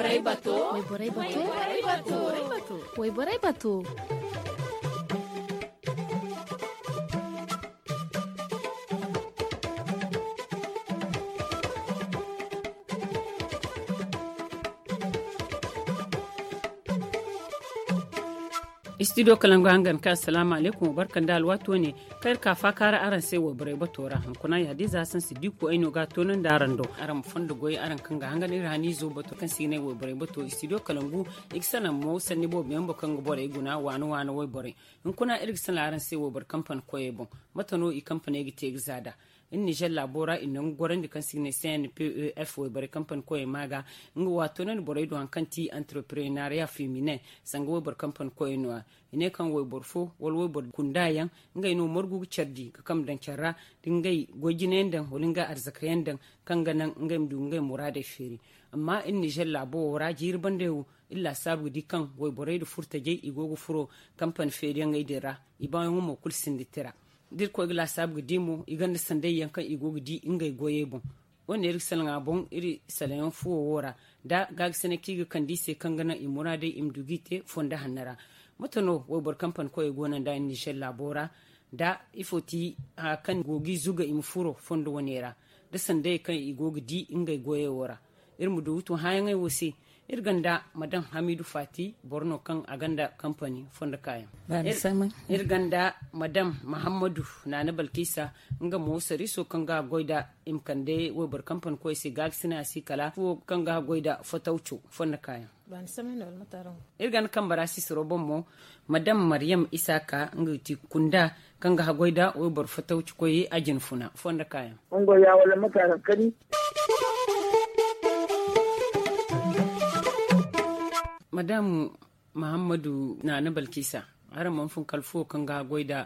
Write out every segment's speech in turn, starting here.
Borai Batu. Borai Batu. Borai Batu. Borai Batu. Batu. studio kalangu hangan ka salamu alaikum barkan da alwato ne kar ka fa kara aran sai wa bare batora hankuna ya di za san sidiku aino ga tonon da aran do aran fundu goyi, aran kanga hangan ira ni zo bato kan sine wa bare bato studio kalangu iksana mo sanni bo biyan bo kan bore guna wani wani wai bare in kuna aran sai wa bar kampan koyebon matano i kampan egi te in niger labora ina ngorandi dikan signe sen pef we bare kampan koy maga ngi wato nan bore do ti entrepreneuria féminin san we bare kampan koy no ine kan we borfo wal we bor kundayan ngai no morgu chardi ka kam dan din dingai gojinen dan holinga arzakayen dan kan ganan ngai mdu ngai murade feri amma in niger labora jirban da illa sabu di kan wai borai da furta jai igogo furo kampan feriyan gaidira ibayen mu kulsin ditira dir ko igla sab gidi mo iganda sande yankan igo gidi inga igo yebo wani iri salanga bon iri salayan fuwa wora da gag sene kiga kandi kangana imura dai imdugite fonda hannara mutano wai bar kamfan ko igo nan da nishel labora da ifoti a kan gogi zuga imfuro fondo wanera da sande kan igo gidi inga igoye wora irmu da wutu hayan ai wose irganda madan hamidu fati borno kan aganda company fonda kayan irganda madam muhammadu nana balkisa nga musa riso kan ga goida imkande webar company ko isi gagsina si kala fo kan ga goida fotaucho fonda kayan irgan kan bara sisiro mo madam maryam isaka nga ti kunda kan ga goida webar fotaucho ko yi ajin funa fonda kayan ngo ya wala mutara kani madamu muhammadu na na balkisa aran man fun kalfo kan ga goida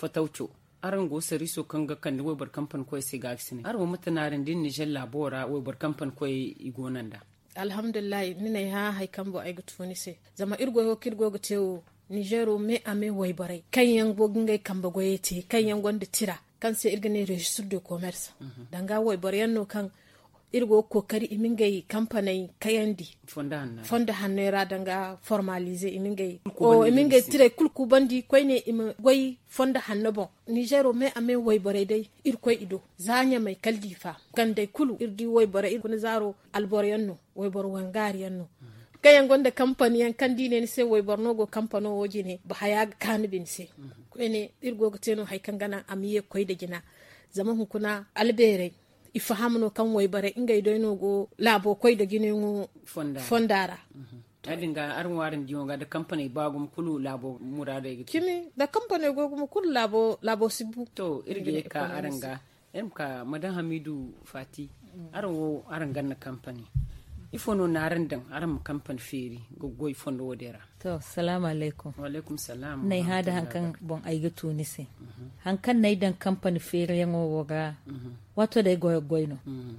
fatauto aran go so kan ga kan wai bar kamfan koy sai ga aksine aran mata narin din ni jalla bora kamfan koy igonan da alhamdulillah nina ha hay kambo ay gutuni se zama irgo go kirgo go tewo nigero me ame wai barai kan yan go kan kamba goyete kan yan gonda tira kan sai irgane registre de commerce mhm. danga wai bar yanno kan irgo kokari imingai kampanai kayandi fonda hanno ya radanga formalize imingai o imingai tire kulku bandi koyne im goyi fonda hanno bon nigero me ame way ir koy ido zanya mai kaldifa Kande kulu irdi way bore ir kuna zaro albore yanno way wangari yanno kayan mhm. kampani kandi se way borno go kampano woji ne bahaya kanbin se mhm. koyne teno hay kangana amiye koyde jina zaman hukuna albere ifa hamno kan wai bare ingai doino go labo koy da ginin fondara, fondara. Mm -hmm. adinga arin warin diyo ga da company ba gum kulu labo murade kimi da company go gum kulu labo labo sibu to irge ka aranga em ka madan hamidu fati mm. arwo wo arin ganna ifono naran dan aram kampan feri gogo ifono wodera to salamu alaikum wa alaikum salam nai hada hankan bon aiga tunisi mhm. hankan nai dan kampan feri yan woga mhm. wato dai goyo goyno mm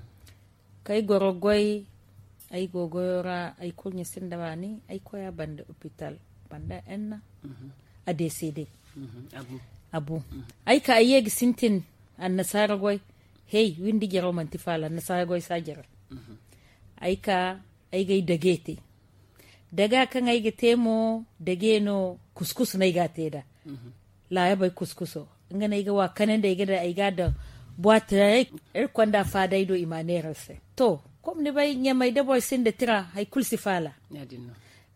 kai goro goy ai gogoyora ai kunya sinda bani ai koya banda hospital banda enna mhm. a dcd abu abu mm -hmm. ai ka ayyegi sintin an nasara goy hey windi jero man tifala nasara goy sa jero aika aigai dagete daga kan aiga temo dageno kuskus na iga te da mhm. la ya bai kuskuso inga na iga wa da iga da iga da buat er kwanda fa dai do imanerse to kom ne bai nya mai da boy sin da tira hay kulsi fala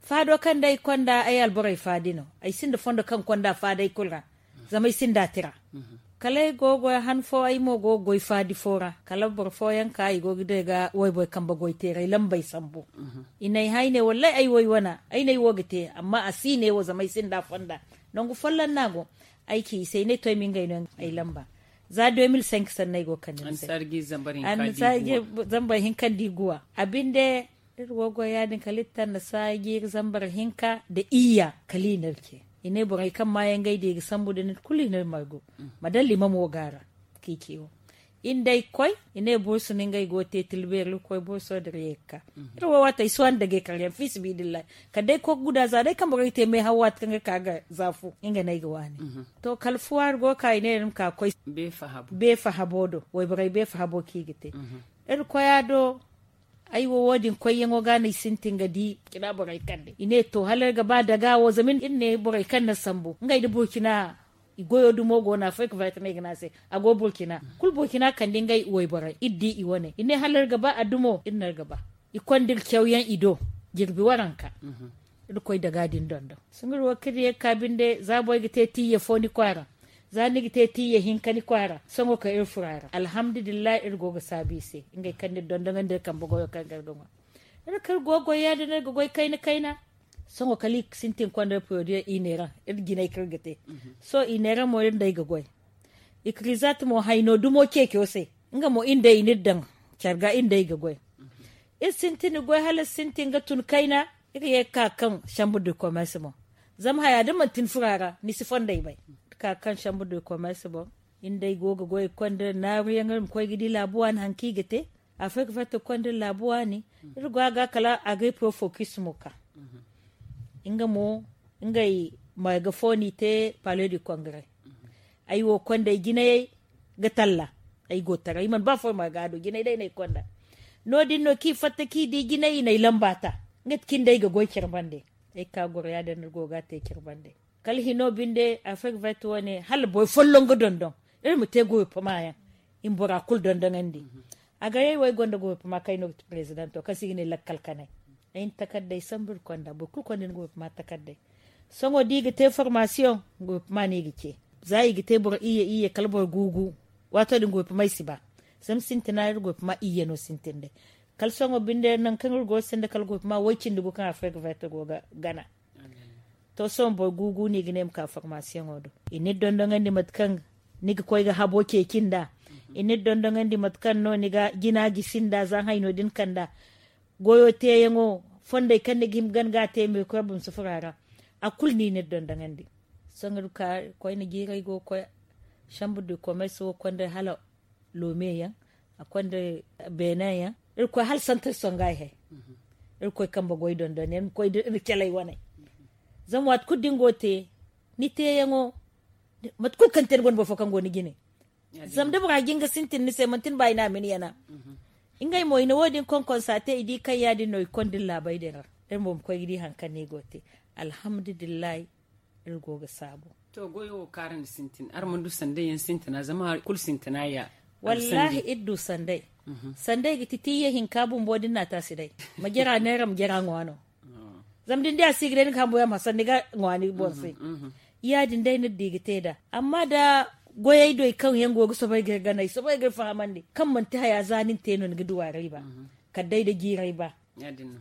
fado kan dai kwanda ay alborai dino. Ai sin da fondo kan kwanda fa dai kulra mhm. zamai sin da tira mhm. kala gogo han fo ay mo go goy fadi fora kala bor fo yan ka ay go ga way boy kamba goy ray lambay sambo mhm. inai hayne wallahi ay way wana ay nay wogite amma asine wo zamai sin da fonda non fallan nago aiki sai ne toy min gaino ay lamba za 2005 Sannai go kan an sargi zambarin kadi an sargi hin kan diguwa abinde gogo er ya din kalittan na sagi zambar hinka da iya kalinarke ine borai kan ma yangai ga sambu da kulli ne margo madalli mamo gara In dai koy ine ne ningai gote tilberlu koy burso dreka da reka mhm. ruwa wata iswan dage karyan fis ka dai ko guda za dai kamar te mai hawat kanga kaga zafu inga nai gawani mm -hmm. to kalfuwar go kai ne nim ka koy be fahabo be wai bai be fahabo kigite mm -hmm. kwaya do. ai wo wodin koyen woga gane sintinga di kina borai kande ine to halar gaba daga wo zamin inne borai kanna sambo ngai da burkina igoyo dumo mogo na fake vitamin mai gina sai ago burkina kul burkina kan dingai uwai borai iddi iwone ine halar gaba a dumo innar gaba ikondir kyauyan ido girbi waranka mhm. irkoi da gadin dondo sungurwa kiriye kabinde zaboy gite tiye foni kwara zanigi te ti ye kani kwara songo ka ir furara alhamdulillah ir goga sabise ingai kandi don der kan bogo kan ma ir kar gogo ya de gogo kai na songo kali sintin kwanda prodio inera ir ginai gate so inera mo ir dai gogo ikrizat mo haino dumo keke ose inga mo inda dan kyarga inda gogo ir sintin gogo hala sintin ga tun na ir ye kakan shambu de commerce mo zam haya da mantin furara ni sifon dai bai ka kan chambre de ba inda yi goga goyi konde na yangar ko gidi na hanki gite fata kwandar konde labuwani irgwa ga kala a pro focus muka inga mo inga yi megafoni te palo du congrès ai wo konde gine ga talla ai gotara tara iman ba for magado gine dai yi konda no din no ki fata ki di gine yi lambata ngat kinda yi ga goy kirbande ai ka ya da nirgo ga te kirbande kal no binde fek vet wone hal boy follongo dondon ere mu tego pama ya bora kul dondon andi aga yai way gondo go kay no president to kasi ne lakkal kanai ayin takadda sambur konda bo kul konden go poma takadda songo diga te formation go pama ne gice Zayi yi gite bor iye iye kalbo gugu wato din go pama siba sam sintina go pama, iye no sintinde kal songo binde nan kan go sinde kal go poma wacin dugo kan fek vet go gana to son boy gugu ni gine ka formation odo ini dondongandi matkan ko ga habo kekin da ini dondongandi matkan no ga gina sinda zan hayno din kanda goyo teyengo fonde kan gim gan ga te me ko bum sufurara akul ni ne So songal ka ko ni ga go koy Shambu du commerce wo konde hala lomeya akonde ya ko hal santar songai he mhm. ko kamba goy dondone irko kelay wonay zan wat kudin te ni te yango mat ku kan ten gon bo fokan goni gine zam da buga ginga sintin ni se mantin bai na min yana mhm. ingai mo ina wodin kon konsate idi kai ya di noy kondin labai den den bom ko gidi hankali ne gote alhamdulillah irgo goga sabo to goyo karan sintin ar mundu sande yan sintina zama kul sintina ya wallahi iddu sandai mhm. sandai giti tiye hinkabun bodin na tasidai magira neram gira ngwano zamdin da sigire ni kamboya masan ni ga ngwani bonse mm-hmm, mm-hmm. ya din dai ni da amma da goyai doi kan yan gogu so bai nai so bai garfa ni kan man ta ya zanin wari ba mm-hmm. ka dai da girai ba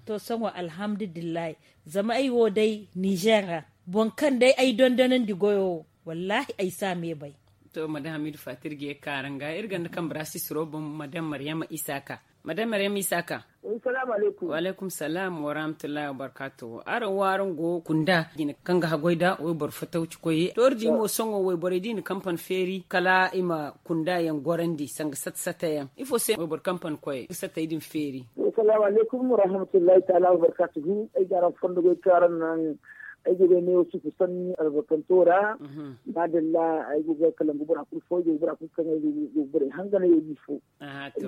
to wa alhamdulillah zama ai wo dai nijera bon kan dai ai dondonan di goyo wallahi ai sa me bai to madam hamidu fatir ge karanga irgan kan brasi suro bon madam maryama isaka madam Maryam Isaka. Assalamu eh, alaikum. Wa alaikum salam wa rahmatullahi wa barakatuh. Ara waran go kunda gina kanga hagoida we bor fatauci koye. Dorji mo songo we bor din kampan feri kala ima kunda yan gorandi sanga sat yan Ifo se wai bar kampan koye sata din feri. Assalamu eh, alaikum wa rahmatullahi ta'ala wa barakatuh. Ai garan fondo go karan bai ne o sufu sanni albakantora mhm. madalla aiguɓe kala gubura kul fo je gubura kul gubar in hangana yi fo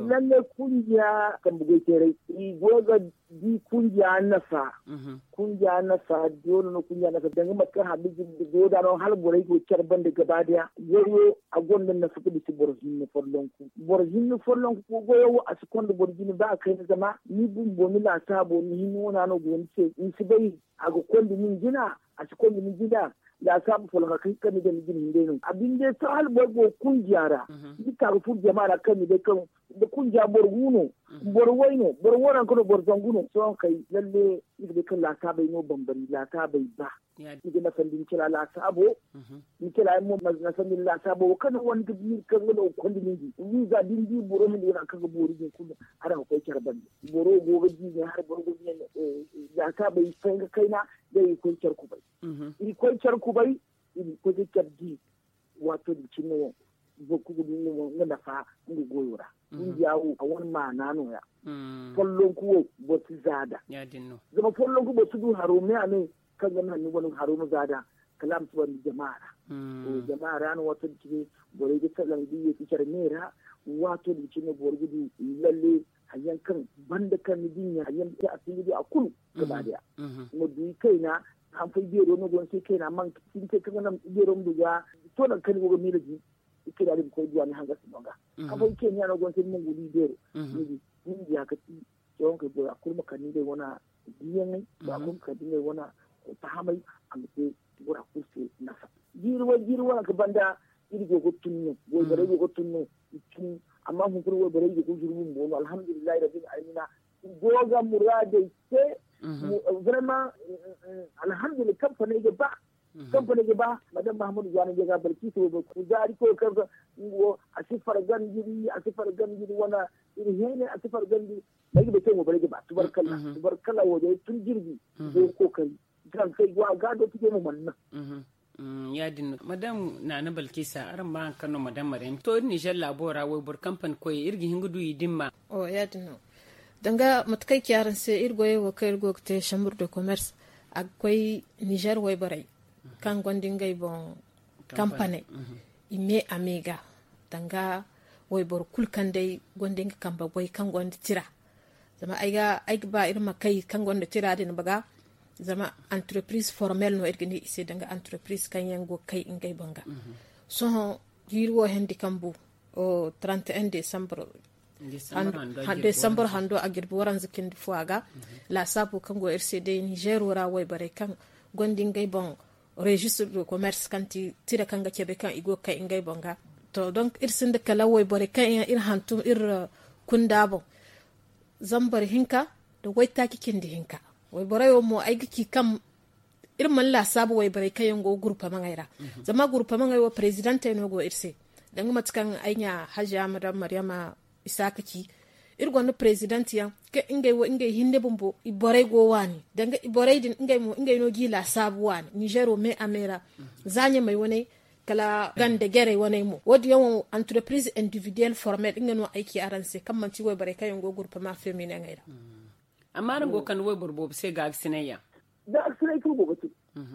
lalle kungiya kan bugoy tere i goga di kungiya nafa kungiya na sa na kungiya na sa dangi matkar habijin da goda don hal gore ko kyar banda gaba daya yoyo a gondon na suka bisi borzin ni forlon ku borzin ni forlon ku go yawo a second borzin ba kai na zama ni bun bomi la sabo ni hinno na no gonce bai sibai a go kondi min jina a second min jina ya samu folga kan da gini ne abin da ta halba go ni dika rufu jama'a kan da kan da kunja borguno mhm. borwaino borwaran kono borzanguno so kai lalle ibe kan la ta bai no bambari la ta bai ba ibe na din kila la ta bo mhm. ni kila mu na din la ta bo kan wani da gibi kan da din ni ni za din bi boro mi ina kan boro din kullu ara ko kyar ban boro gobe ji ne har borgo ne ya eh, eh, bai san kai na dai kun kyar ku bai ni ko charku bai i ko je kabdi wato di cinno boku gudu no na dafa ngi goyora mm-hmm. ngi wu a wani ma nano ya follon mm. kuwo botu zada ya dinno zama follon ku botu du harome ane kan yana ni wani harome zada kalam su ni jama'a to mm. jama'a ran wato di cinno bore ge talan di ye tichar mera wato di cinno bore gudu lalle hayan kan banda kan ni dinya hayan ta asiri a kulu gaba mm-hmm. daya mu mm-hmm. duyi kaina An fai biyero no gon sai kai na man tin te kan nan biyero mu ga to nan kan go mi ji ike da ko diya ni hanga sinonga han mhm. fai ke nyano gwan sai mun gudi biyero mhm. ni ni ya ka ti yon ka go akul maka ni dai wana biyan ne ba kun ka dinga wana ta hamai a mace gura kusi nasa jirwa jirwa ka banda irgo go tunno go mhm. bare go tunno ikin amma hun kurwa bare go jurmun bono alhamdulillah rabbil alamin goga murade sai Mhm. Eh, vraiment eh, eh, alhamdulillah kamfanin ya ba mhm. kamfanin ya ba madan mahamudu zanen ya balki ko wana ba mhm. tun jirgi kan kai wa mu manna ya madam na mm, na balkisa aran ba kano madam to ni jalla bora bur koy irgi hingudu yidimma o ya danga matakai kyaran sai irgoye wa kai irgo ta shamur da commerce akwai niger wai barai kan gwandin gai bon kamfani mhm. ime amega danga wai bar kulkan dai gwandin kan bagwai kan gwandin tira zama ai ga ai ba irin makai kan gwandin tira din baga zama entreprise formel no irgini ise danga entreprise kan yango kai in gai banga mhm. so yirwo hendi kambu o 31 december december hando a girbi waran zikin fuaga la sabu kango rcd niger wara wai bare kan gondin gai bon registre de commerce kan ti tira kanga kebe kan igo kai ingai bonga to don irsin da kala wai bare kan ir hantu ir uh, kunda bo zambar hinka da wai takikin da hinka wai bare mo aiki kam irman la sabu wai bare kan go grupa mangaira mhm. zama grupa mangaira president no go irse dan matukan anya hajja madam maryama isakaki irgonno president ya ke ingay wo ingay hinde bumbo iborey go wani danga iborey din ingay mo ingay no gila sabu wani niger o me amera zanye mai wone kala gande gere wone mo wodi yo entreprise individuel formel ingay no aiki aranse kamman ci wo bare kayon go groupe ma femi feminin ngaira mm. amma ran go kan wo burbo se ga sineya da aksire ko go bati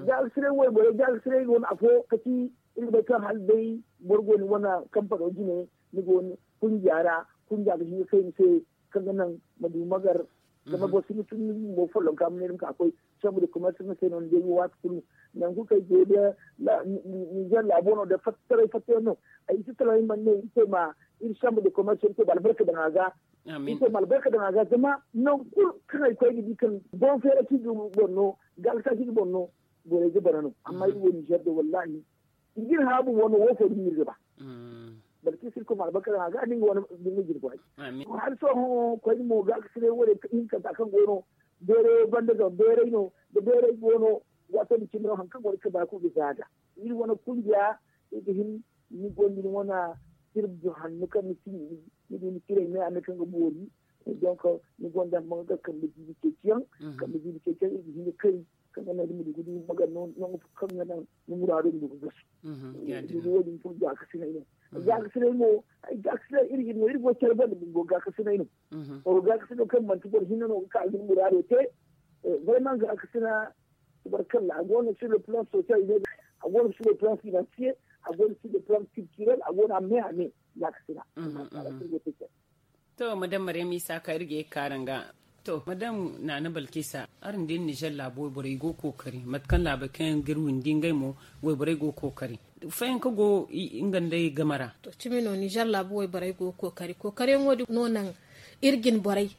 da aksire wo bore da aksire won afo kati ilbe kan hal dai borgo ni wana kamfano jine ni go ni kun jara kun ja shi sai sai kan nan madumagar gama mhm. bo sun tun bo folon kam ne ka akwai saboda kuma sun sai non je wa kun nan ku kai je da ni jan labono da fattare fattare no ai su tare man ne sai ma in ir da kuma sun ke balbarka da naga ite malbarka da naga zama nan ku kai kai da kan bo fere ki du bonno galta ki bonno gore ji bana barano amma mhm. yi wani shaddo wallahi in igir habu wani wofo ni ba. Mm. balki sirko malbakar ha ga ninga wani har so ho koy mo ga sire wore in ka ta kan gono bere bere no da bere gono wato ni cimro han kan ka ba ku bi zaga wani kungiya idihin ni gondi wana sirbu hannu kan ni ni ni kire kan ga donc ni mo ga kan kai kan non non kan ni mm-hmm. ka mo no no mhm. o kan man no ka ni murado te vraiment eh, a sur le plan social ne a sur le a sur le plan culturel me a mhm, mhm. to madam maremi sa ka irge karanga to madam nana balkisa arin din nijar labo borai go kokari matkan labakan girwin dingai mo wai borai go kokari fayin ka go ya gamara to cimino nijar labuwai barai go kokari kokari yin wadi nonan irgin barai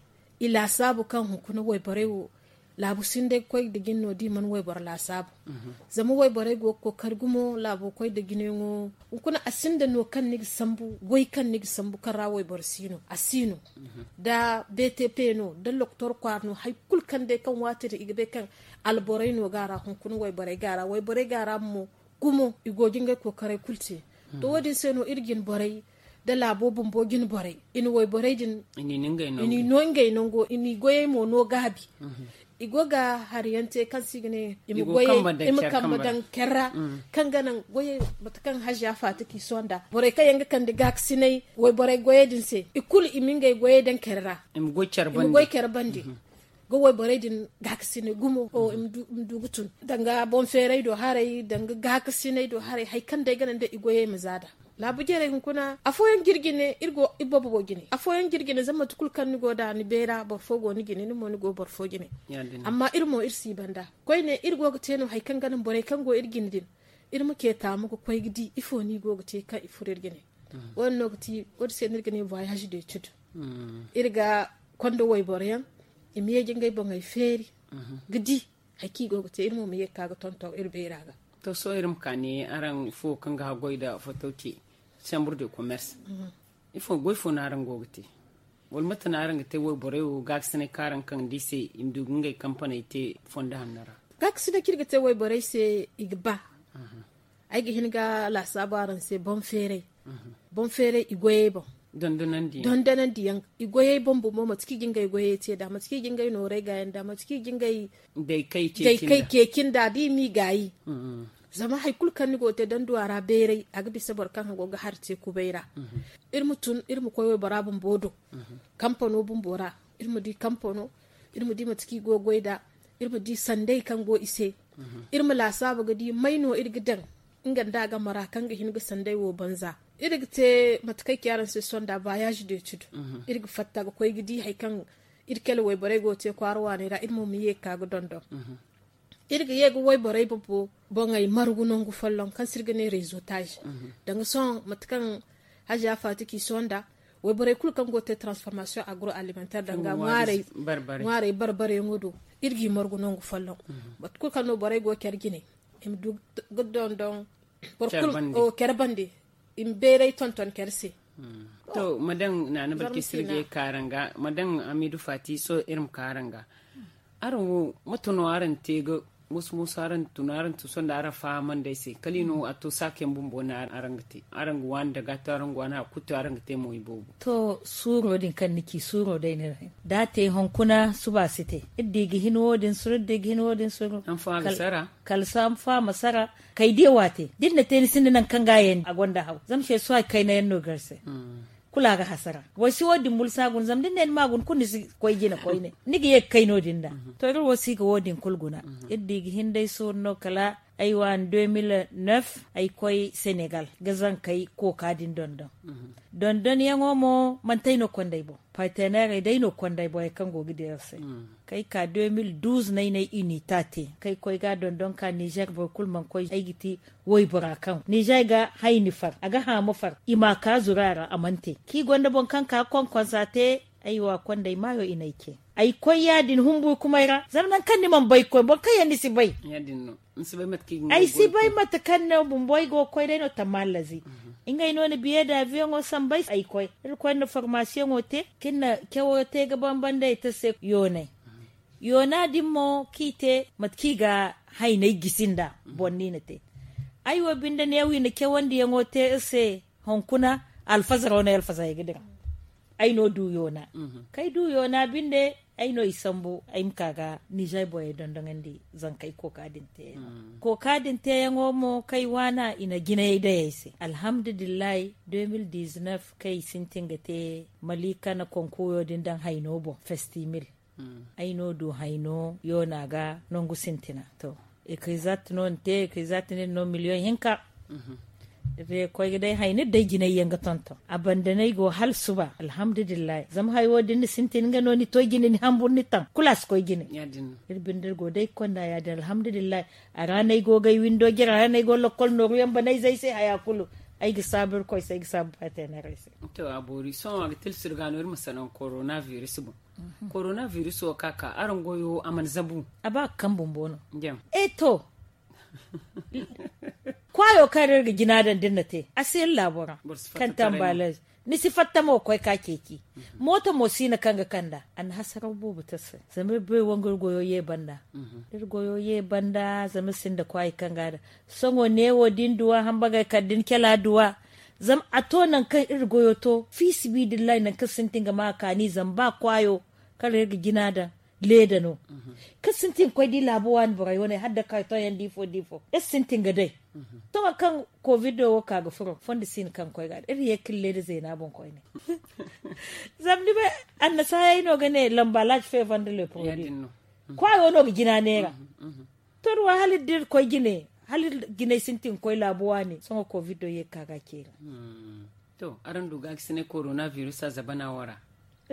ila sabu kan hukuna wai barai wo labu sin dai kwai da gin no man wai bar la sabu mhm. zama wai barai go kokari gumo labu kwai da gin ngo kuna asin da no kan nigi sambu wai kan nigi sambu kan rawai bar sino asino mhm. da btp no da doktor kwarno hai kul kan dai kan wata da igbe kan alborai no gara hun wai barai gara wai barai gara mu gumo igogin ga kokare kulce to sai hmm. no irgin borai da labo bumbogin borai in wai borai din ini nongay nongo ini goye mo no gabi hmm. igoga hariyante kan sigine im goye im madan kerra kan ganan goye batakan hajja fata ki sonda borai kan yanga kan diga sinai wai borai goye din se ikul imingai goye dan kerra im goy bandi im goy kerbandi go way din gumo o mhm. danga bon ferai do haray danga gaksine do haray hay kan igoye mizada labu jere kuna afoyen girgine irgo ibobo gine girgine zama goda go ni gine ni mo go amma irmo irsi banda koyne ne irgo teno hay kan ganan bore kan go irgine din Irmo ke ta muku gidi ifo ni go te ka ifurir gine wannan lokaci voyage de chute. Mhm. irga kondo way boreyan imiye jingai bon ay feri gidi hakigo te irmo miye kaga tonto irberaga to so irim kani aran fo kanga goida fotoki chambre de commerce ifo goy fo naran gogte wal mata naran te wo bore wo gaxne karan kan dise imdu ngai company te fonda hanara gaxne kirga te wo bore se igba ai gi hinga la sabaran se bon fere bon fere igoye bon dandanan diyan dondonan diyan igoye bombo mo matiki ginga igoye ce da matiki ginga ino rega yan da matiki ginga dai kai kekin dai kai da di mi gayi zama hay kul kan go te dan duwara bere aga bisa bor kan go ga harte ku beira mm-hmm. irmu tun irmu koyo barabun bodo mm-hmm. kampano bun irmu di kampano irmu di matiki go goida irmu di sandai kan go ise mm-hmm. irmu la sabu ga di maino irgidan ingan daga mara kan ga hinga sandai wo banza irig te matkai kyaran se sonda de tudu. irig fatta ko koy gidi hay kan ir kel way bore go te kwaro wani ra idmo mi ye kago dondo irig ye go way bore bo bo ngai margu nongu fallon kan sirgene réseautage danga son matkan haja ki sonda way bore kul kan go te transformation agroalimentaire danga ngare ngare barbare ngudu irgi margu nongu fallon bat kul kan no bore go kergine em du godon don por kul o kerbande in berai tonton kerse hmm. to madan na na barki sirge karanga madan amidu fati so irin karanga aran wo mutuno aran wasu musu aran tunaran tu da ara faman da se kalino mm. ato sake bumbo na arangte daga wanda gata arang wana kutu arangate mo ibobo to suro din kan niki suro dai ne te honkuna suba site idde gi hinwo din suro de gi hinwo wodin suro an fa sara. kal sam fa masara kai dai wate din da tenisin nan kan gayen a gonda hau zamshe su kai na yanno garse mm. la hasara wasi wodin mulsa gun den magun kun si koy jina koy a nigi mhm. to wasi wodin kulguna iddi mhm. gi no kala aiwa 2009 aikoi senegal gazan kai ko kadin dondon mhm. dondon yan omo man taino kwandai bo partenaire dai no kwandai bo kan gogi da sai kai ka 2012 nai nai unitate kai koi ga dondon ka niger bo kulman koi aigiti woi kan niger ga haini far aga ha mu far ima ka zurara amante ki gonda bon kan ka kon te. aiwa kwandai mayo inaike ay koy yadin humbu kumayra zarnan kan ni man bay koy bon ni si bay yadin no sibay mat ki ay sibay mat kan no bum boy go koy dai no tamallazi mhm. ingay no ni biye da ngo san bai. ay koy er koy no formation o te kinna kewo te ga ban dai ta se yone mhm. yona mo kite mat ki ga hay nay gisinda mhm. ni ne te ay wo binda ne wi ne kewandi ngo te e se honkuna alfazara wani alfazara e ya gidira ai no du yona kai du yona binde aino no isambo ga kaga ni jai di zan kai ko kadin te mm. ko kadin te yango mo kai wana ina gina da yaise alhamdulillah 2019 kai sintinga te malika na konkoyo din dan hainobo festimil mm. aino do haino yo naga nongu sintina to e kai non te kai ne no miliyon hinka mm -hmm. re koy dai hayne dai ginai yanga tonto abandanai go hal suba alhamdulillah zam hay wodi ni sintin ngano ni toy gine ni hambur ni tan kulas koy gine bindir go dai ko nda yadin alhamdulillah aranai go gay windo gira aranai go lokol no yam banai zai sai haya kulu ay sabur koy sai gisab patena rese to abori so ma son agtil sirganor masanan coronavirus bu mhm. coronavirus o kaka arangoyo aman zabu aba kan bombono jam eto wayo karir da dinna te asir labura kan ni nisi fatta mo koy ka keki mhm. mota mo sina kanga kanda an hasara bubu tasa zama bai wangar goyo ye banda mhm. dir goyo ye banda zama sin da kwai kanga da songo ne wo din duwa hambaga din kela duwa zam a to nan kan ir goyo to fi sibidillahi nan kan sintinga ma kani zam ba kwayo kar gina da ledano mhm. ka sintin kwai di labuwa ni borai wani hadda ka to yan difo difo es sintin ga dai mhm. to kan covid do ka ga furo fondi sin kan kwai ga iri ya kille da zai na bon kwai ne zamni ba anna sai no ga ne lambalaj fe vande le produit mhm. kwai wono ga gina ne ga to ruwa halin dir kwai gine halin gine sintin kwai labuwa ne songo covid ye kaga ke hmm. to aran duga sine coronavirus a zabana wara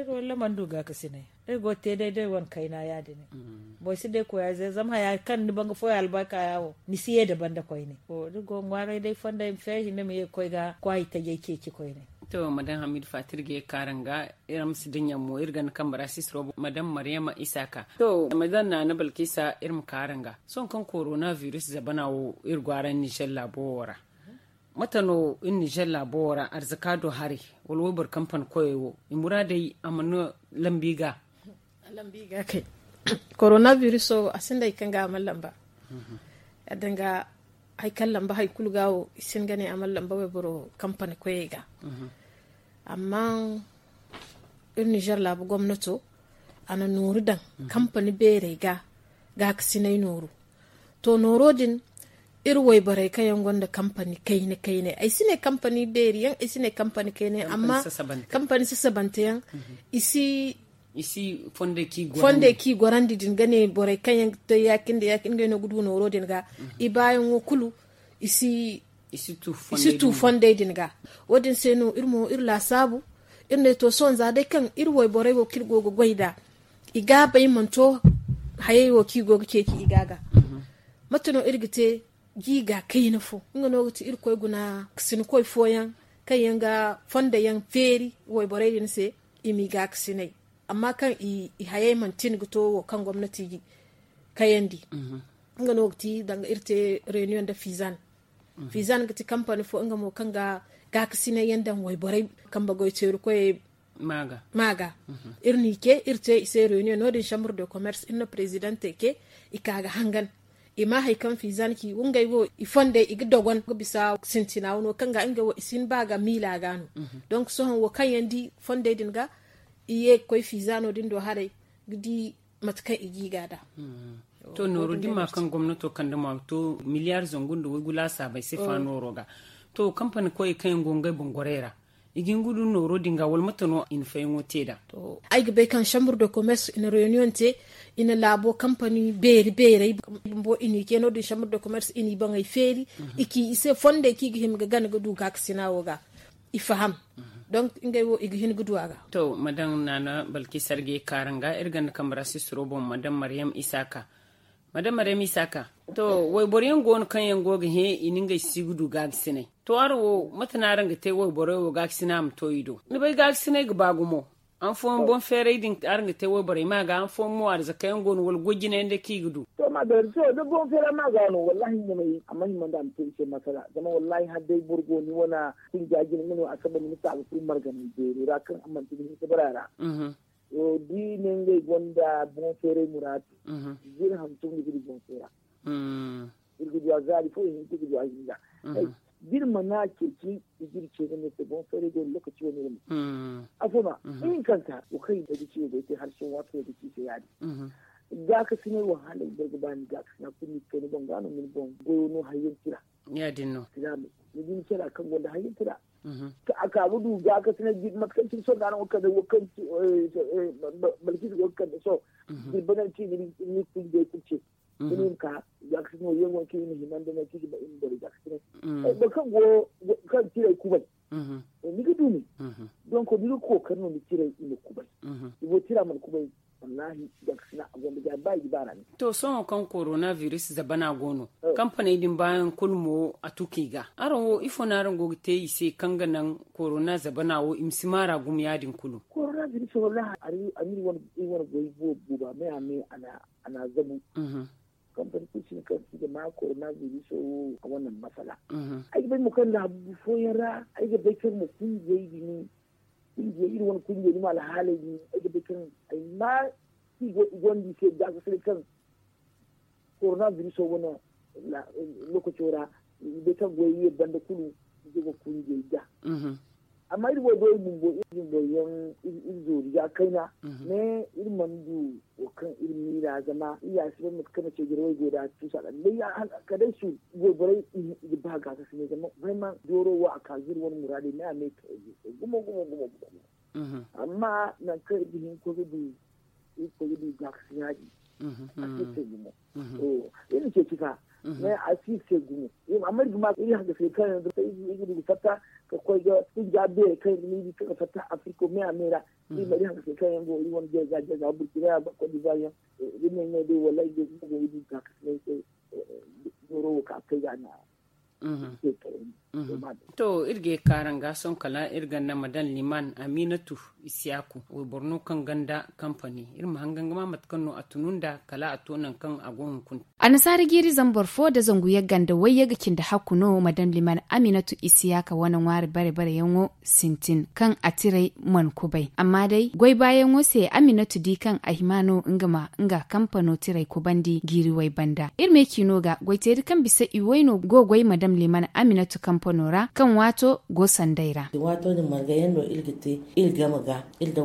ɗin wala mandu ga ka ne ɗin go te dai dai wan kaina ya di ne mm. boy si dai ko ya zai zama ya kan ni banga foya albarka yawo ni siye da kwai ne o ɗin go dai fanda in fehi ne mu ye koy ga kwai ta yake ki kwai ne to madan hamid fatirge karanga iram sidin yammo irgan barasis robo madan maryama isaka to madan na na balkisa irim karanga son kan corona virus zabana wo irgwaran nishal labowara matano in nijar labora arzikado hari walwabar kamfan koyewo yi a manu lambiga lambiga kai coronavirus o ikan ga amal lamba mhm. danga haikan lamba haikul gawo isin gane amal lamba wai boro kamfan koyega mhm. amma in nijar labu gwamnato ana nuru dan mhm. kamfani bere ga ga kasinai nuru to noro din irwai barai kayan gwanda kamfani kai ne kai ne ai sine kamfani beri yan ai sine kamfani kai ne amma kamfani su sabanta yan mhm. isi isi fonde ki gorandi fonde ki gorandi din gane barai kayan to yakin da yakin gane gudu no din ga mhm. i wokulu isi isi tu fonde isi tu fonde din ga wadin no irmo la sabu irne to son za dai kan irwai barai wo kirgo go gwaida ga bai manto hayayo ki go keki igaga mhm. matuno irgite giga kaina fo inga no ti ir koy guna sin koy fo yan yan yanga fonda yan feri woy boray din se imi ga kasinai amma kan i, i haye man tin gito kan gwamnati kayandi mm -hmm. nga no ti danga irte reunion da fizan mm -hmm. fizan gati company fo nga mo kan ga kasinai yanda woy boray kan bagoy teru koy maga maga mm -hmm. irni ke irte ise reunion no din chambre de commerce irna presidente ke ikaga hangan ima hay kan fi ki wunga wo ifonde igi dogon bisa sintina wono ga inga wo isin baga mila gano mm -hmm. donc so wo kan yandi din dinga iye koy fi zano din do hare gidi matkan igi gada hmm. oh, to noro dimma kan gwamnato oh. kan da miliyar zongun da wai gula sabai sai fa noro ga to kamfani koy kan gongai Bungorera. igin gudu noro dinga wal matano in fayin wote da to ai bai kan chambre de commerce ina reunion te ina labo company beri beri bo ini keno de chambre de commerce ini ai feri mhm. iki ise fonde ki gihim ga gana gudu ka sina woga ifaham mhm. donc inga wo igi hin guduwaga to madan nana balki sarge karanga irgan kamara sisro bon madan maryam isaka madame madam isaka to wai borin gon kan yan go ga he ininga sigudu ga sine to arwo matana ranga te wai bore wo ga sina am to ido ni bai ga sine ga bagumo an mo bon fere din aranga te wai bore ma ga an fon mu arza kan gon wal gojine ende kigudu to ma da to da bon fere ma ga no wallahi ne mai amma mun da mutum ce masala zama wallahi har dai burgo ni wana tin jajin ni no asaba ni ta al'ummar ga Najeriya kan amma tin ni mhm E, di nenge gonda bon fere muratu mhm. zir hamtum ligidi bon fera mm. irgidi azali fo yin tigi do azinga bir mana kirki igir ce ne ta bon fere go lokaci wani ne mm. afuma mhm. in kanta ko kai da gici da har harshen wato da gici yadi da mhm. ka sine wahalar da ga ga da na kunni ke ne bon gano min bon goyo no hayyin tira ya dinno tira ni din kira kan gonda hayyin tira aka budu ga ka sene gid mat kan so ga mhm. no da de wakan balki de wakan so di banan ci ni ni ci de ku ci ni ka ya ka sene yin wanki ne himan da na ci ba in da ga ka sene mhm. eh, ba kan go kan ci ku ba mhm. eh, ni ga duni don ko ni ko kan no ni ci ku ba ni tira man ku ba wallahi da na gwamnati da ba yi bara to son kan coronavirus da bana gono oh. kamfani din bayan kulmo a tukiga arawo ifo na rango te ise kanga nan corona da bana wo mara gum yadin kulu coronavirus wallahi a amiri wani wani goyi bo buba me ame ana ana zabu mhm. kamfani kucin kansu da mako korona zuri so a wannan matsala. Mhm. Ai bai mu kan labu foyara, ai ga bai kan mu kun zai ne kungiyar irin wani nima ni mal kan da bikin na ci gondi ce da su sai kan corona virus wani lokacin wura da ta goyi da kulu zuba kungiyar da mhm. amma iri yi bumbo irin bayan izori ya kaina mhm. ne irin mandu kan irin mira zama iya su ba mutu kama ce girwai goda su sa dan ya hana kadai su gobarai yi ba ga kasu ne zama vraiment doro wa aka wani murade na mai ka gumo gumo gumo mhm. amma nan ka bihin ko gudu ko gudu ga kasu yaji mhm, a cikin mu to irin ce kika ne a fiske gumu yim amargi ma iri haga fe kan da sai igi igi fata ka ko ga sun ga be kan ni bi ka fata afriko me amera ni mm. bari haga fe kan go eh, iri won je ga je ga ba ko di bayan ni ne ne dai wallahi ga go iri ta ne sai doro eh, eh, ka kai ga na Mm-hmm. to irge karan gason kala irgan na madan liman aminatu isiyaku wai borno kan ganda kamfani irma hangan gama matkanu a tunun da kala a tonan kan agon kun a nasari giri zambar fo da zangu ya ganda wai ya gakin da hakuno madan liman aminatu isiyaka wannan wari bare bare yango sintin kan atirai man kubai amma dai gwai bayan wose aminatu di kan ahimano ingama inga kamfano tirai kubandi giri wai banda irme kino ga gwai kan bisa iwaino go gwai madan madam liman aminatu kamponora kan wato gosan daira wato ni marga yendo ilgite ilgamaga ilda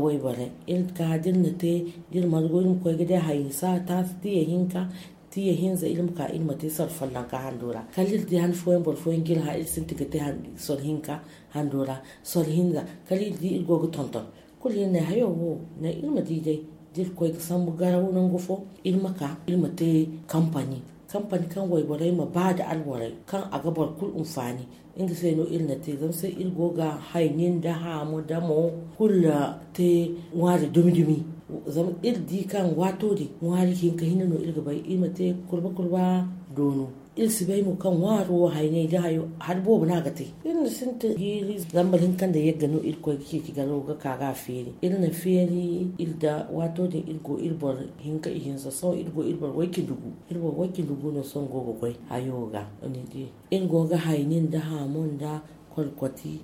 il kadin dirna te girmargo ilmu ko gide hayisa ta ti yinka ti ya hinza ilm ka ilma te sar fallan ka handura kalil di han foyen bor foyen gil ha ilsin tigate han sol hinka handura sol hinza kalil di ilgogo tonton kulli ne hayo ho ne ilma di dai dil koy sambu garawu nan gofo ilma ka ilma te kampani kamfani kan waiwarai ma ba da alwarai kan a gabar kul umfani inda sai no ilna te zan sai il goga hanyin da ha mu da mo kula te wari dumdumi zan il di kan wato di wari kin ka hinno ilga bai ima te kurba kurba dono ilsi bai mu kan waro hayne da hayo har bo na ga tai irin da sun ta giri zambalin kan da ya gano ilko kike ki gano ga kaga feri irin na feri ilda wato da irgo irbor hinka ihin sa sau irgo irbor waki dugu irbor waki dugu na son gogo kai hayo ga ne di in goga haynin da hamon da kwalkwati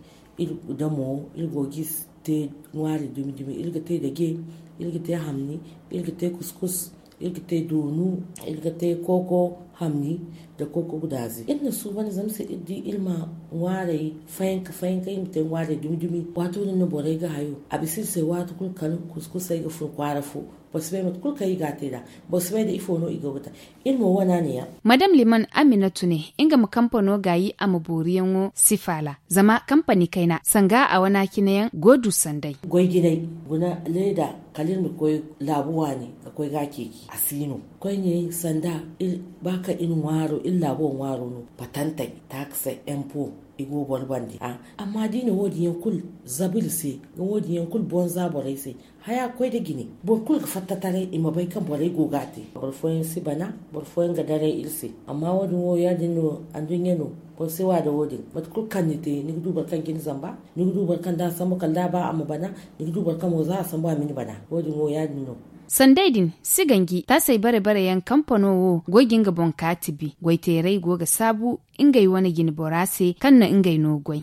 da mo gis te ngwari dumi dumi irga te ge irga te hamni irga te kuskus irga te donu irga te koko hamni da koko gudazi inna su zama su iddi ilma ware fayanka fayanka yi mutum ware dumdumi wato ne na borai ga hayo a bisa sai wato kun kuskusa ga fun kwarafo basu bai mata kulka yi gate ba basu bai da ifo no iga wuta ilmo wana ne ya. madam liman aminatu ne inga mu kamfano gayi a maboriyan wo sifala zama kamfani kaina sanga a wana yan godu sandai. gwai gidai guna leda kalin mu koi labuwa ne akwai gake asino koi ne sanda ba ka in waro in labon waro no patanta taxa empo igo bon bandi a ah. amma dina wodi yan kul zabil se ga wodi yan kul bon zaborai se haya koi da gini bon kul ka fatta tare ima bai kan borai gogate borfoyin si bana borfoyin ga dare ilse amma wodi wo ya dinu andun yano ko se wa da wodi mat kul kan ni te ni dubar kan gin zamba ni dubar kan da samu kan da ba amma bana ni dubar kan mo za a san ba mini bana wodi wo ya dinu sandaidin sigangi ta sai bare-bare yan wo gogin gabon katibi gwaitere goga sabu ingai wani gini borase kan na ingai nogwai.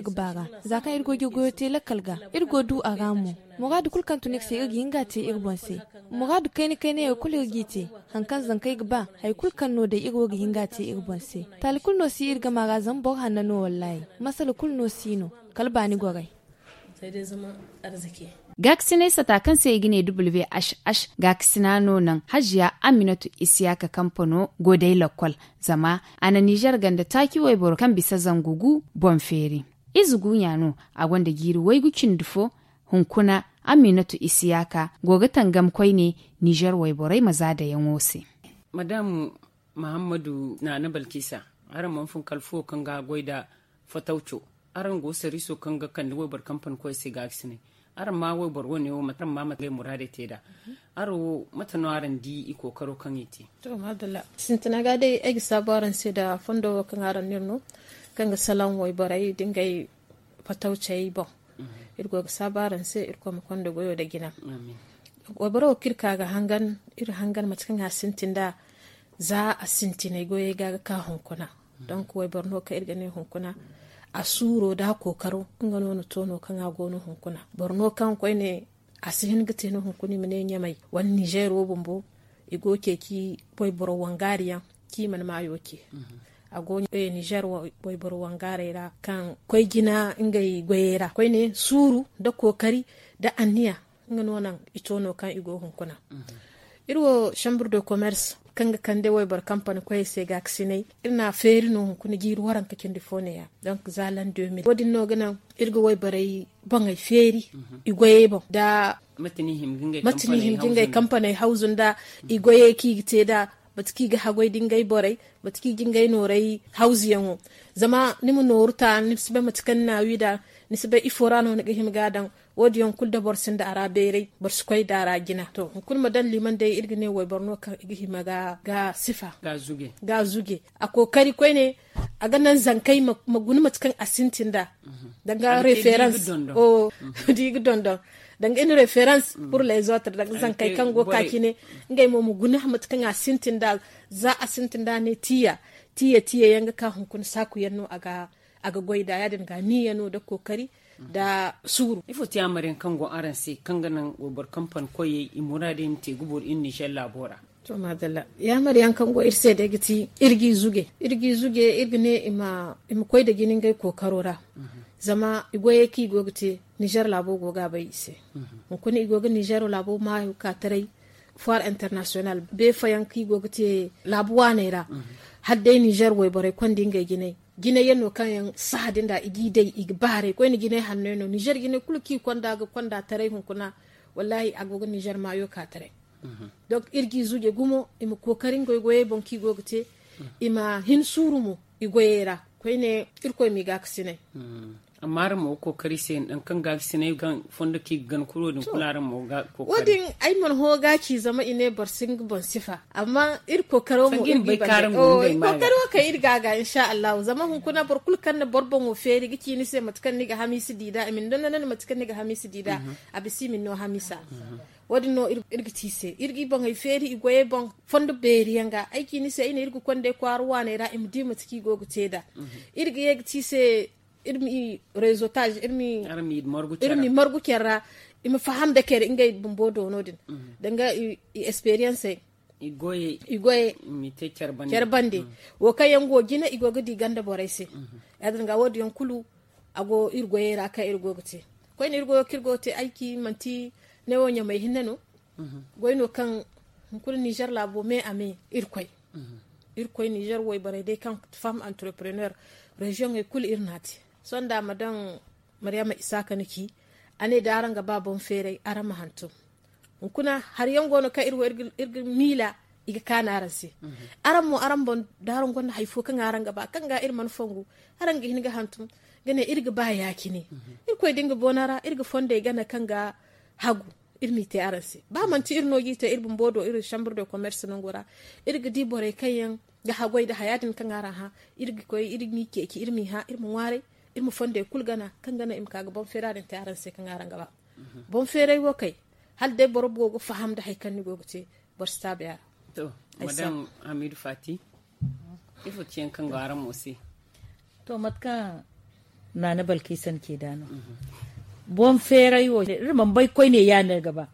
irga bara zakan irgo gogo te lakalga irgo du agamu muradu kulkan tunik se irgi inga te irbon se muradu kaini kaini ya kul irgi te hankan zan kai gba hay kulkan no da irgo gi inga te irbon tal kul no si irga magazan bo bor hanna no wallahi masal kul no sino kalbani gogai sai dai zama arziki gaksine ta kan sai gine WHH gaksina nonan hajiya Aminatu Isiyaka kamfano godai lakwal zama ana Nijar ganda taki waibor kan bisa zangugu bonferi. izugu a agwanda giri waigucin dufo hunkuna aminatu isiyaka gogatan kwai ne nijar borai maza da yan wose madam muhammadu na na balkisa aran manfin kalfo kan ga da fatauco aran go sariso kan ga kan waibar kamfan kwai sai ga aksine aran ma bar wani wa matan ma magai murade te da wo mata aran di iko karo kan te. to madalla sintana ga dai egisa baran sai da fondo kan aran nirno ganga salan wai barai dingai yi bon mhm. irgo sabaran sai irko mu kondo goyo da gina wai baro kirka ga hangan ir hangan kan hasintin da za a ne goye ga ka hunkuna mhm. don wai barno ka irga ne hunkuna a suro da kokaro kun ga nono tono kan a gono hunkuna barno kan kwai ne a sihin gite ne hunkuni mene nya mai wani nigeria bumbo igo ke ki boy boro wangariya ki man mayo ke mhm. ago e niger boy bor wangarera kan kwai gina ngay gwayera kwai ne suru da kokari da anniya ngan ito itono kan igo hunkuna mhm. irwo chambre de commerce kanga kande way bar company sai ga gaksine irna feri no hunkuna jiru waran ka kindi foneya donc zalan 2000 wadin no gana irgo way barai feri mhm. igoye ba da matinihim gingai company hausun da igoye ki te da matki kiga hagwai dingai borai matki dingai norai hausiyan zama nimu norta bai matakan na wida nisbe iforano na gahim gadan wodi yon kul da borsin da ara berei bar su koi dara gina to kul madan liman dai ne wai borno ka gihima ga ga sifa ga zuge ga zuge a kokari kwai ne a ganan zankai maguni matkan asintin mhm. da daga reference o digi dondon donc une référence mm. pour les autres donc zan kai kan go kaki ne ngai mo mu guna mut kan sintin da za a sintin da ne tiya tiya tiya yanga ka hunkun saku yanno aga aga goida ya dinga ni yanno da kokari da suru ifo tiya marin kan go aran sai kan ganan gobar kamfan koyi imuradin te gubur in nishal labora to madalla ya maryan kan go irse da giti irgi zuge irgi zuge irgi ne ima ima koyi da ginin gai kokarora mm -hmm. zama igoye ki gogte niger labo goga bai ise mhm. igwe ga niger labo ma ka tarai foire international be fayan ki gogte labo wane ra mhm. dai niger wai bare kwan dinga gine gine yano kan yan hadin da igi dai igi bare ko ni gine hannu yano niger gine kulki konda ga da tarai hun kuna wallahi agoga niger ma yo ka tarai mhm. donc irgi zuje gumo ima kokarin ki bonki gogte ima hin surumo Kwai ne irkoy mi ga ne. mara mo ko kari sen dan kan ga sine gan fonda ki gan kuro din kularan mo ga ko kari wadin ai man ho ga ki zama ine bar sing bon sifa amma ir ko karo mo ir bai karan mo oh, bai ma ko karo ka ir ga ga insha Allah zama hun kuna bar kul kan bar bon wo feri gici ni se matkan ni ga hamisi dida amin don nan matkan ni ga hamisi dida mhm. abisi min no hamisa mhm. wadino irgi tise irgi bon ai feri igoye bon fondo beriyanga aiki ni mhm. se ina irgu konde kwaruwa ne ra imdi matki gogu teda irgi yeg tise irmi réseautage irmi irmi morgu kerra imi de kere ingay bumbo donodin mm -hmm. danga i, i experience igoye igoye mite bandi. kerbande mm -hmm. wo kayango gina igogo di ganda boraise mm -hmm. yadin ga kulu yankulu ago irgoye raka irgogote ko ni irgoyo kirgote aiki manti ne wo mai hinano mm -hmm. goyno kan kul niger la bo me ame irkoy mm -hmm. irkoy niger woy bare de kan femme entrepreneur région e kul irnati da madan maryama isaka niki ane daranga babon fere arama hantum kuna har yangono ka irwa irgin mila iga kana aran se mhm. aran mo aran bon daron gon haifo kan aran ba kan ga irman fongu aran ga hinga hantum gane irga ba yaki ne mhm. irko dinga bonara irga fonde gana kan ga hagu irmi te aran se ba man ti irno gi te irbin bodo irin chambre de commerce non gora irga di bore kayan ga hagoi da hayatin kan aran ha irga koy irmi keke irmi ha irmi ware imu fonde kul gana kan gana im kaga bon fera den taran se kan aranga ba bon fere wo kay hal de borob gogo faham da hay kan ni gogo te bor stabe ya to madam amir fati ifo cien kan garan mosi to matka nana balki san ke dano bon fere wo riman bai koy ne yanar gaba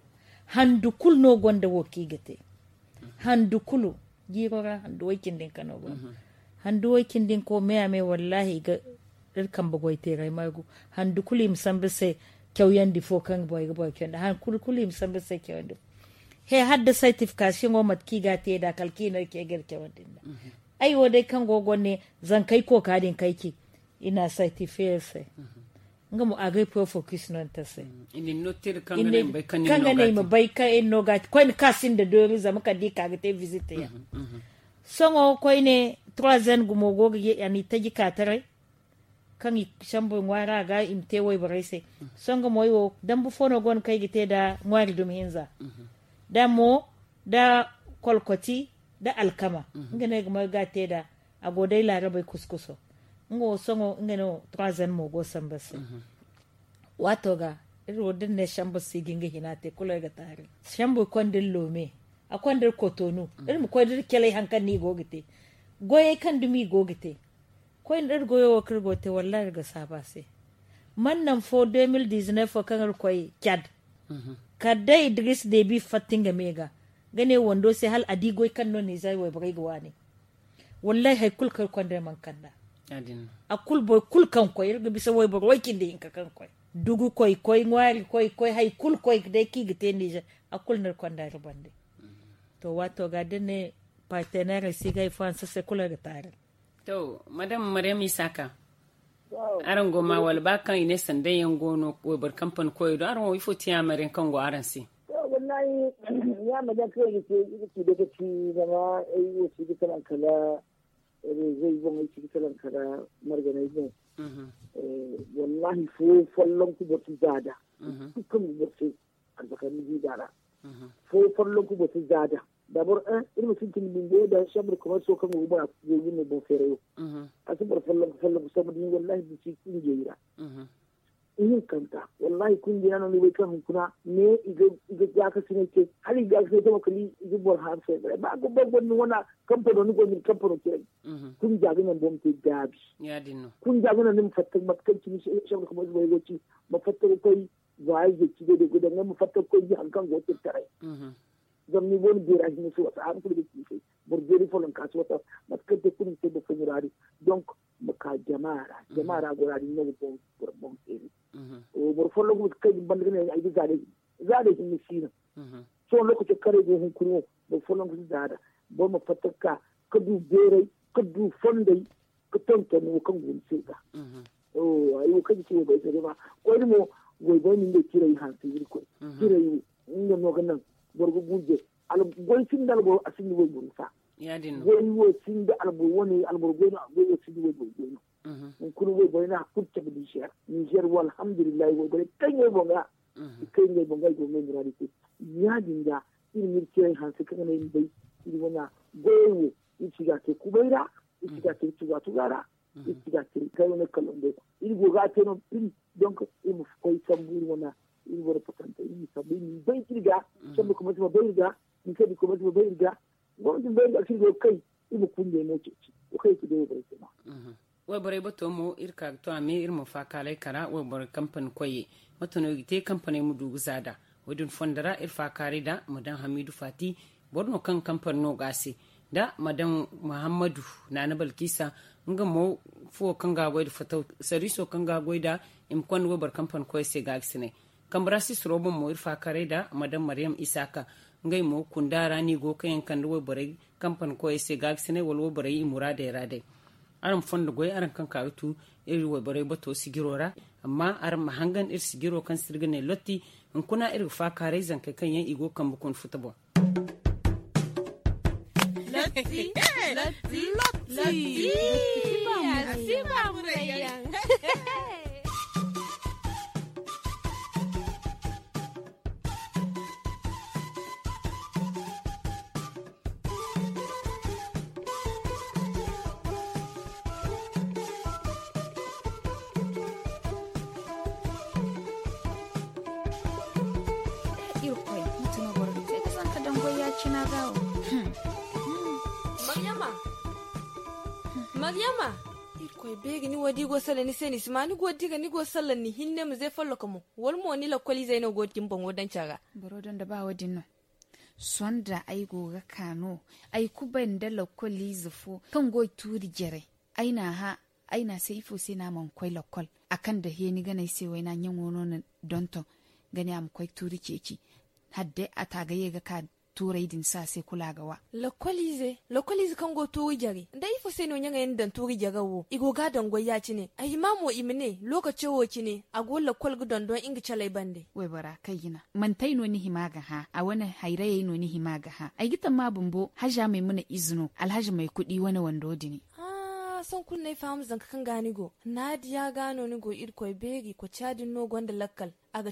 handu kul no gonda wo ki gate handu kulu jirora handu wai kindin kanogo handu wai kindin ko me ame wallahi ga ir kamba goi tegai maigu han dukulim sambe se kyauyan di fokan boy boy kyan han kulkulim sambe se kyauyan di he hadda certification o matki ga te da kalki na ke gir kyauyan din mhm. ai wo dai kan gogo ne zan kai ko kadin kai ki ina certification se mhm. nga mo agay po focus non ta se mhm. ini notir kan ga bai kan ni kan ga ne bai ka en no ga ko ni kasin da do zama ka di ka ga te visit ya songo ko ne 3 zen gumo gogo yani taji katare kan shambo ngwara ga imte woy borese mm -hmm. songo moyo wo dambu fono gon kay gite da ngwari dum hinza da mo da kolkoti da alkama mm -hmm. ngene ga ga te da agodai larabai kuskuso ngo songo ngene trazen mo go sambase wato ga iro din ne shambo siginga hinate kula ga tare shambo kondin lome a kondin kotonu irin kondin kele hankan ni gogite goye kan dumi gogite koy ɗergoyowo kirgote walla saba sabase man nan fo 2019 fo kaŋar koy cad kadda idris fatin ga mega gane wando sai hal adigoy kan no nizai way bagay ne wallahi hay kul kar kwandre man kanda a kul boy kul kan kwai erga bisa way wai kin kinde in kan kwai dugu kwai kwai ngwari kwai kwai hay kul kwai da ki gite nija a kul nar kwanda bande mhm. to wato ga dane partenaire sigai fansa se kula ga tare to madam maryam isaka Aron goma wal ba kan ine sanda yan gono wabar kamfan koyo don aron wifo ifo tiya marin kan go aron si To, wallahi ya maja ma da kai ke ki da ki da ma ai wo ji kan kala da zai yi mai ci kan kala margana yi mm-hmm. eh, wallahi fo fallon ku ba su zada mm-hmm. dukkan ba su arzakanin zidara mm-hmm. fo fallon ku ba su zada d'abord un irin sintin min bo da shamr kamar so kan uba gogi ne bon fere yo fallon fallan fallan da yi wallahi bi ci kungiya yin kanta wallahi kungiya nan bai kan kuna ne iga iga ya ka sine ke hali ga ne to kali iga bor har sai ba ko ba gonni wana kamfano ni gonni kamfano ke kun ja ga nan bom ke gabi ya kun ja ga nan mun fatta matkan ci shamr kamar yi goci mafattar kai zai ji ci da gudan mun fatta ko ji hankan goce tare zam ni won bir ay musu wata an kulu ki sai bur jeri folon ka so ta matka te kun te bu rari donc maka jamara jamaara go rari no bon bur bon eri o bur follo ko ka ban ne ay bi zade zade ki misina so te kare go hun kuro bur follo ko zada bo ma fatta ka du bere ka du fondai ka ton mu kan gun sai ga o ayo kan ci go ba ko ni mo go go ni ne kirai hansi ko kirai inda mo ganan gorgo guje al goy sin dal go asin go gum sa ya din go wo sin al bo woni al bo go go wo sin go go no mun mhm. kulu go go na kut ta bi sher ni sher wal alhamdulillah go go kai ne bonga kai bo bonga go me mira dite ya din da irin mirkiyan hansu kan ne bai wo wana goyo ga ke kubaira ga ke ga ga tu ra tuga tugara ga ke kai ne kalon da go ga te no pin donc il mo ko sambur wana il wara patanta il sabbi ni bai kirga sabbi kuma tuma bai riga in kai kuma tuma bai riga gwamnatin bai riga sun kai ibu kunne ne ce ci o kai ki dai bai ma mhm. wai bare ba to mu irka ka to ame ir mo fa kala kara wai bare kampan koye matono gite kamfani mu dubu zada wadun fondara ir fa kare da madan hamidu fati borno kan kamfani no gasi da madan muhammadu na na balkisa nga mo fuwo kan gagoi da fatau sariso kan gagoi da imkon wabar kampan koye se gagsine kambrasi robin moir fakare da madam maryam isaka ngai mo kundara ni go kayan kan wo bare kampan ko ese gag sene wal wo bare imura da rade aran fondo goy aran kan ka tu iri wo bare bato sigirora amma aram mahangan ir sigiro kan sirgane lotti in kuna iri fakare zan kai kan yan igo kan bukun futabo Lotti, Lotti, Lotti, Lotti, Lotti, Maryama. Maryama. Ikoi begi ni wadi go sala ni se ni sima ni go diga ni go sala ni hinne mu zai fallo kamo. Wal mo ni la zai na go ban wadan caga. Baro don da ba wadin nan. Sonda ai go ga kano. Ai ku ban da la kwali zufo kan go turi jere. Ai na ha ai na sai ifo sai na man kwai la Akan da he ni ganai sai wai na nyin wono don to. Gani am kwai turi ceci. Hadde a tagaye ga ka turai din sa sai kula ga wa lokolize lokolize kan go turi jare da ifo sai no nyanga yendan turi jare wo igo ga don go yaci ne ai mamo ne, lokaci wo ne a go lokol gudon don inga chalai bande we bara gina, man tai no ni ga ha a wani hairaye no ni ga ha ai gitan ma bumbo haja mai muna izino alhaji mai kudi wani wando dini na son kunne famu zanka kan gani go gano ni go koy begi ko chadin no gonda lakkal aga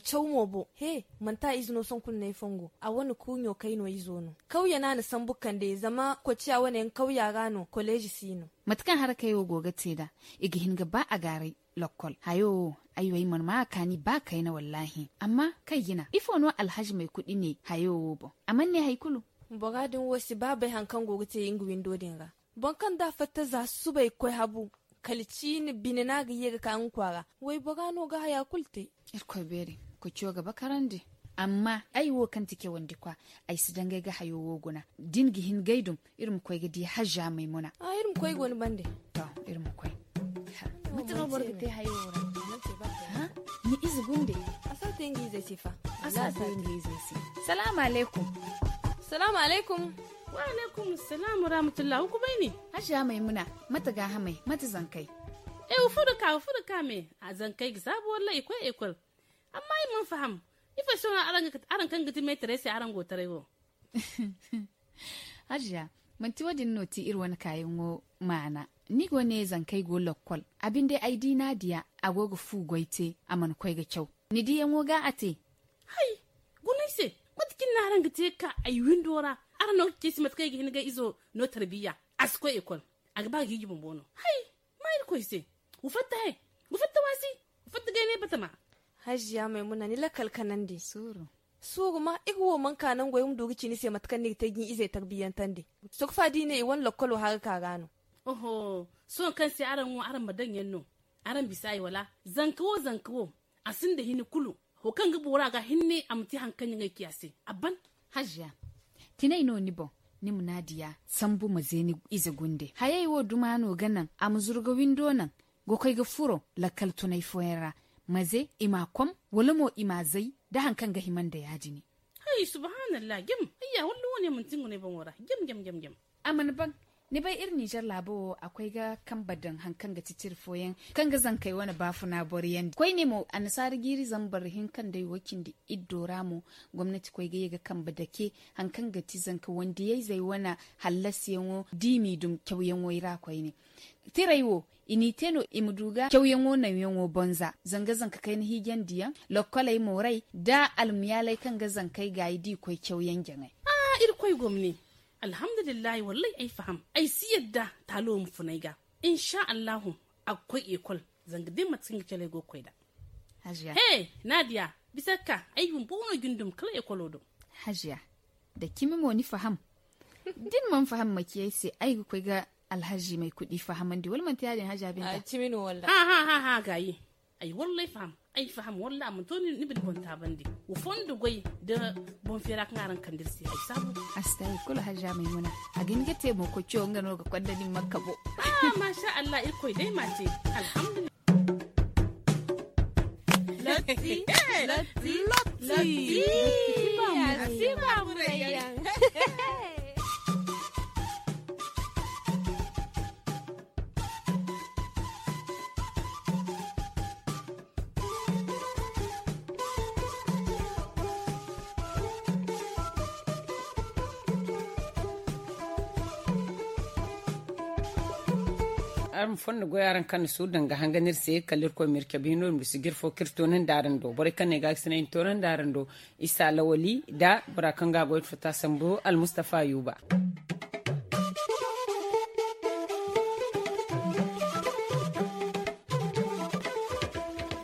bo he manta izno son kunne fango a wani kunyo kaino izono kauya na san bukkan da zama ko ciya wani kauya gano college sino matkan har kai goga teda igihin gaba a gare lokkol hayo ayo yi kani ba kai na wallahi amma kai gina ifono alhaji mai kudi ne hayo bo amma ne haikulu bogadin wasu babai hankan gogote te ingu window dinga bankan da fata za su bai kwai habu kalci kalcini na ga yega kan kwara wai bogano ga haya kulte irko beri ku ciyo gaba karande amma ai wo kan tike wandi kwa ai su dangai ga hayo woguna din hin gaidum irin koi ga di hajja mai muna a irin koi goni bande to irin koi mutum bar ga te hayo wora ni izu gunde asa te zai sifa asa te ngize sifa salamu alaikum salamu alaikum Wa alaikum salam wa rahmatullah ku bai ne. Hajiya Maimuna mata ga hamai mata zankai. Eh ufuruka ufuruka me a zankai ga sabu wallahi ko ekwal Amma yi mun faham. Ifa sona aran aran kan gidi mai tare sai aran go go. Hajiya ti wadin noti ir wani kayan wo ma'ana. Ni go ne zankai go lokkol. Abin dai ai dinadiya agogo fu goite man kwai ga kyau. Ni diyan wo ga ate. Hai gunai se. Matikin na aran gite ka yi windora. arno kismat kai gihiniga izo no tarbiya asko ekol agba gigi bombono hai mai ko ise ufatta hai fatta wasi fatta ga ne batama hajiya maimuna ni lakal kanan de suru suru ma igwo man kanan goyum dogi cini se matkan ni tagi ize tarbiyantan de sok fadi ne iwan lokolo har ka gano oho so kan se aran wo aran madan yanno aran bisai wala zankawo zankawo asinda da hini kulu hokan ga ga hinne amti hankan ngai kiyase abban hajiya tine ino ni bon ni munadiya sambu mazeni iza gunde hayai wo dumano ganan a muzurga windo nan gokai ga furo lakal tunai foyara maze ima kwam walamo ima zai da hankan ga himan da yaji ne hai subhanallah gem ayya wallo ne mun tingune ne ban wara gem gem gem gem aman ban ni bai ir nijar labo akwai ga kambadan hankan ga titir foyen kan ga zan kai wani bafuna boriyan kwai ne mu a nasar giri zambar hinkan da wakin da iddo ramu gwamnati kwai ga ga kan badake hankan ga tizan ka wanda yayi zai wana hallas yanwo dimi dum kyauyen waira kwai ne tiraiwo ini teno imuduga kyauyen wo na yanwo bonza zanga zanka kai na higen diyan lokkolai morai da almiyalai kan ga zan kai ga idi kwai kyauyen gyanai a ah, irkwai gwamnati alhamdulillahi wallai ai faham ai si yadda talo mu funaiga insha Allahu akwai ekol zanga dai matsin kele go koida hajiya hey nadia bisakka ai bun bono gundum kala ekolo do hajiya da kimi mo ni faham din man faham makiyai sai ai ko ga alhaji mai kudi fahaman di walman ta yadin hajiya binta a ha ha ha ha gayi ai wallai faham ai faham wala mun to ni bin gonta bande wo fondu goy de bon fiera kan aran kan dirsi ai sabu astai kula haja mai muna a gin gete mo ko ciwo ngano ga kwanda ni makka bo ah masha Allah koy dai mace alhamdulillah Lati, lati, lati, ba mu lati, lati, lati, am fonno goyaran kan su danga hanganir se kalir ko mirke bino misigir fo kirtonen do bore kan ga sene intonen do isa lawali da kan ga goyt fata sambu al mustafa yuba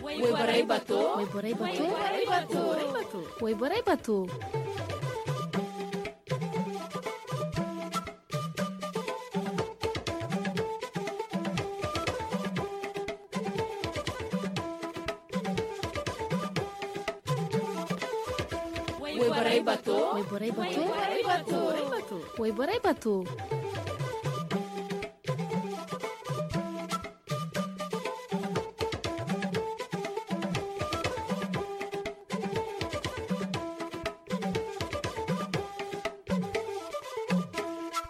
Wai borai bato, wai borai bato, wai borai bato, wai bato. Poiborei Batu. Poiborei Batu. Batu.